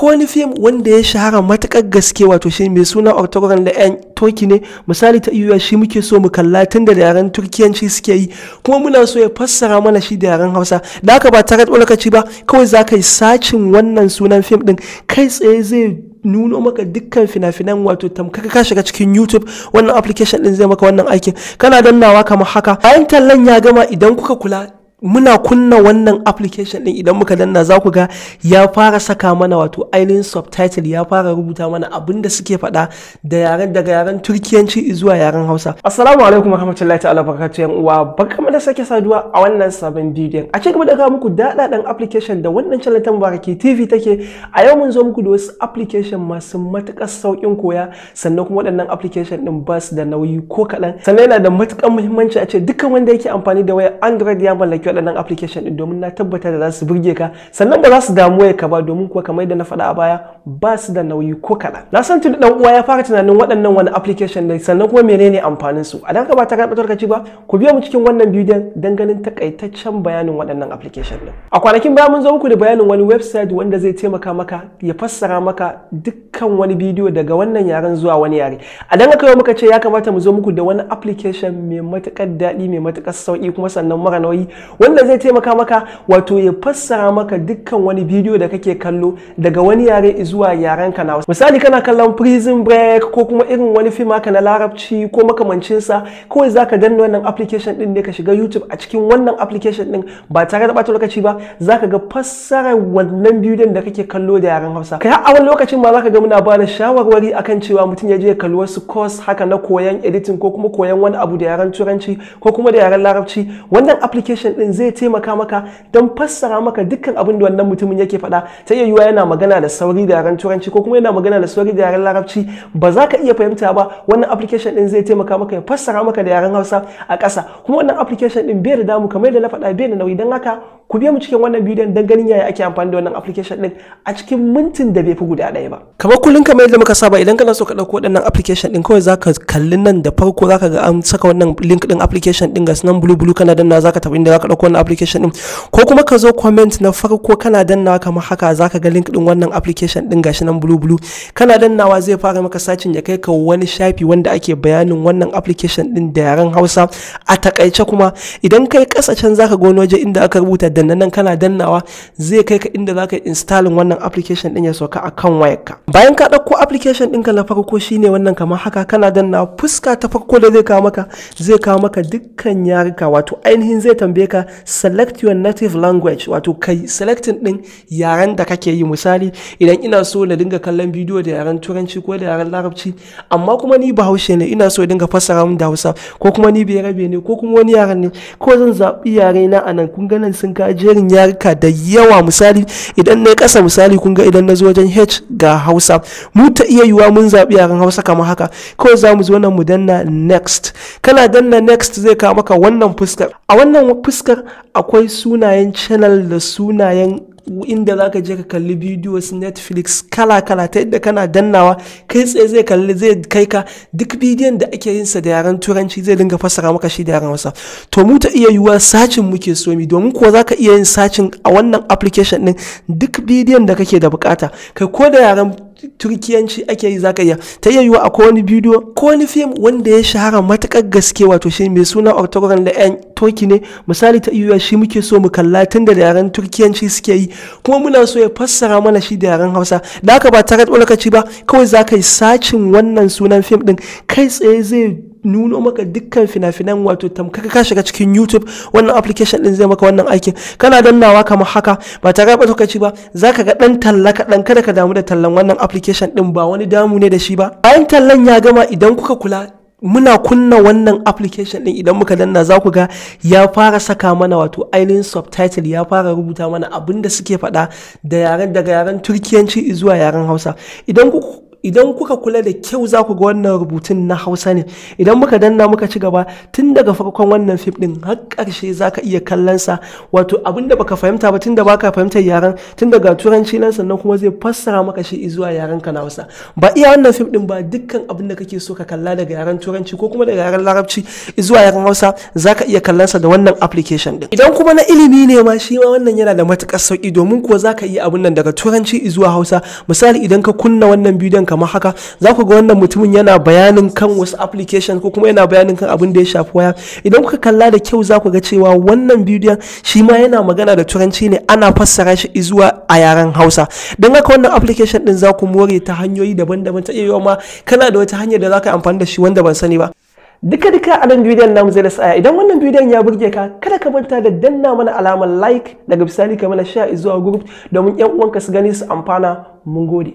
ko wani fim wanda ya shahara matukar gaske wato shi mai suna ortogoran da yan toki ne misali ta iya shi muke so mu kalla tun da yaren turkiyanci suke yi kuma muna so ya fassara mana shi da yaren hausa da aka ba tare da lokaci ba kawai za ka yi sacin wannan sunan fim din kai tsaye zai nuno maka dukkan fina-finan wato tamkar ka shiga cikin YouTube wannan application din zai maka wannan aikin kana dannawa kamar haka bayan tallan ya gama idan kuka kula muna kunna wannan application din idan muka danna za ku ga ya fara saka mana wato ainihin subtitle ya fara rubuta mana abin da suke faɗa da yaren daga yaren turkiyanci zuwa yaren hausa assalamu alaikum warahmatullahi ta'ala barakatuh yan uwa barkamu da sake saduwa a wannan sabon bidiyon a cikin da ga muku daɗaɗan application da wannan channel ta mubaraki tv take a yau mun zo muku da wasu application masu matukar sauƙin koya sannan kuma waɗannan application din ba su da nauyi ko kaɗan sannan yana da matuƙar muhimmanci a ce dukkan wanda yake amfani da wayar android ya mallaki waɗannan application ɗin domin na tabbata da za su burge ka sannan ba za su damu ka ba domin kuwa kamar da na faɗa a baya ba su da nauyi ko kaɗan na san tuni dan uwa ya fara tunanin waɗannan wani application ne sannan kuma menene amfanin su a ka ba ta karɓar tarkaci ba ku biyo mu cikin wannan bidiyon don ganin takaitaccen bayanin waɗannan application ɗin a kwanakin baya mun zo muku da bayanin wani website wanda zai taimaka maka ya fassara maka dukkan wani bidiyo daga wannan yaren zuwa wani yare a dan kawai muka ce ya kamata mu zo muku da wani application mai matuƙar daɗi mai matuƙar sauƙi kuma sannan mara nauyi wanda zai taimaka maka wato ya fassara maka dukkan wani bidiyo da kake kallo daga wani yare zuwa yaren ka na misali kana kallon prison break ko kuma irin wani fim haka na larabci ko makamancinsa kawai za ka danna wannan application din ne ka shiga YouTube a cikin wannan application din ba tare da bata lokaci ba za ka ga fassara wannan bidiyon da kake kallo da yaren Hausa kai a wani lokacin ma ka ga muna ba da shawarwari akan cewa mutum ya je ya kalli wasu course haka na koyan editing ko kuma koyan wani abu da yaren turanci ko kuma da yaren larabci wannan application din din zai taimaka maka don fassara maka dukkan abin da wannan mutumin yake faɗa ta iya yiwuwa yana magana da sauri da yaren turanci ko kuma yana magana da sauri da yaren larabci ba za ka iya fahimta ba wannan application din zai taimaka maka ya fassara maka da yaren hausa a ƙasa kuma wannan application din bai da damu kamar yadda na faɗa bai da nauyi don haka ku biya mu cikin wannan bidiyon don ganin yaya ake amfani da wannan application din a cikin mintin da bai fi guda ɗaya ba kamar kullum kamar yadda muka saba idan kana so ka ɗauko waɗannan application din kawai zaka kalli nan da farko zaka ga an saka wannan link din application din ga sunan blue blue kana danna zaka tafi inda zaka ɗauko wannan application din ko kuma ka zo comment na farko kana danna kamar haka zaka ga link din wannan application din ga nan blue blue kana dannawa zai fara maka sacin ya kai ka wani shafi wanda ake bayanin wannan application din da yaren Hausa a takaice kuma idan kai kasa can zaka ga wani waje inda aka rubuta danna nan kana dannawa zai kai ka inda zaka yi installing wannan application din ya sauka akan wayarka bayan ka ɗauko application ka na farko shine wannan kamar haka kana dannawa fuska ta farko da zai kawo maka zai kawo maka dukkan yaruka wato ainihin zai tambaye ka select your native language wato kai selecting din yaren da kake yi misali idan ina so na dinga kallon bidiyo da yaren turanci ko da yaren larabci amma kuma ni bahaushe ne ina so dinga fassara mun da hausa ko kuma ni bai rabe ne ko kuma wani yaren ne ko zan zaɓi yare na anan kun ganin sun ka jerin yarika da yawa misali idan na kasa misali kun ga idan na zo wajen h ga hausa mu ta iya yiwuwa mun zaɓi yaren hausa kamar haka kawai za mu zo nan mu danna next kana danna next zai kawo maka wannan fuskar a wannan fuskar akwai sunayen channel da sunayen inda za ka je ka kalli bidiyo su netflix kala-kala ta yadda kana dannawa kai tsaye zai kalli zai kai ka duk bidiyon da ake yinsa da yaren turanci zai dinga fassara maka shi da yaren wasa to mu ta iya yiwuwa sacin muke so mi domin kuwa za ka iya yin sacin a wannan application din duk bidiyon da kake da bukata kai ko da yaren turkiyanci ake yi zaka iya ta yayyuwa a wani bidiyo ko wani fim wanda ya shahara matakar gaske wato shi mai suna ortogon da yan toki ne misali ta iya shi muke so mu kalla tun da yaren turkiyanci suke yi kuma muna so ya fassara mana shi da yaren hausa da haka ba tare da lokaci ba kawai zaka yi sacin wannan sunan fim din kai tsaye zai nuno maka dukkan fina-finan wato tamkaka ka shiga cikin YouTube wannan application din zai maka wannan aikin kana dannawa kamar haka ba tare da lokaci ba zaka ga dan talla ka dan kada ka damu da tallan wannan application din ba wani damu ne da shi ba bayan tallan ya gama idan kuka kula muna kunna wannan application din idan muka danna za ku ga ya fara saka mana wato ainihin subtitle ya fara rubuta mana abinda suke faɗa da yaren daga yaren turkiyanci zuwa yaren hausa idan ku idan kuka kula da kyau za ku ga wannan rubutun na hausa ne idan muka danna muka ci gaba tun daga farkon wannan fim din har karshe za ka iya kallon sa wato abin da baka fahimta ba tun da baka fahimtar yaren tun daga turanci nan sannan kuma zai fassara maka shi zuwa yaren ka na hausa ba iya wannan fim din ba dukkan abin da kake so ka kalla daga yaren turanci ko kuma daga yaren larabci zuwa yaren hausa za ka iya kallon sa da wannan application din idan kuma na ilimi ne ma shi ma wannan yana da matukar sauki domin kuwa za ka iya abin nan daga turanci zuwa hausa misali idan ka kunna wannan bidiyon kamar haka za ku ga wannan mutumin yana bayanin kan wasu application ko kuma yana bayanin kan abin da ya shafi waya idan kuka kalla da kyau za ku ga cewa wannan bidiyon shi ma yana magana da turanci ne ana fassara shi izuwa a yaren hausa don haka wannan application din za ku more ta hanyoyi daban-daban ta iya ma kana da wata hanyar da za ka amfani da shi wanda ban sani ba duka duka a nan bidiyon namu zai aya idan wannan bidiyon ya burge ka kada ka manta da danna mana alamar like daga bisani ka mana sha zuwa group domin yan uwanka su gani su amfana mun gode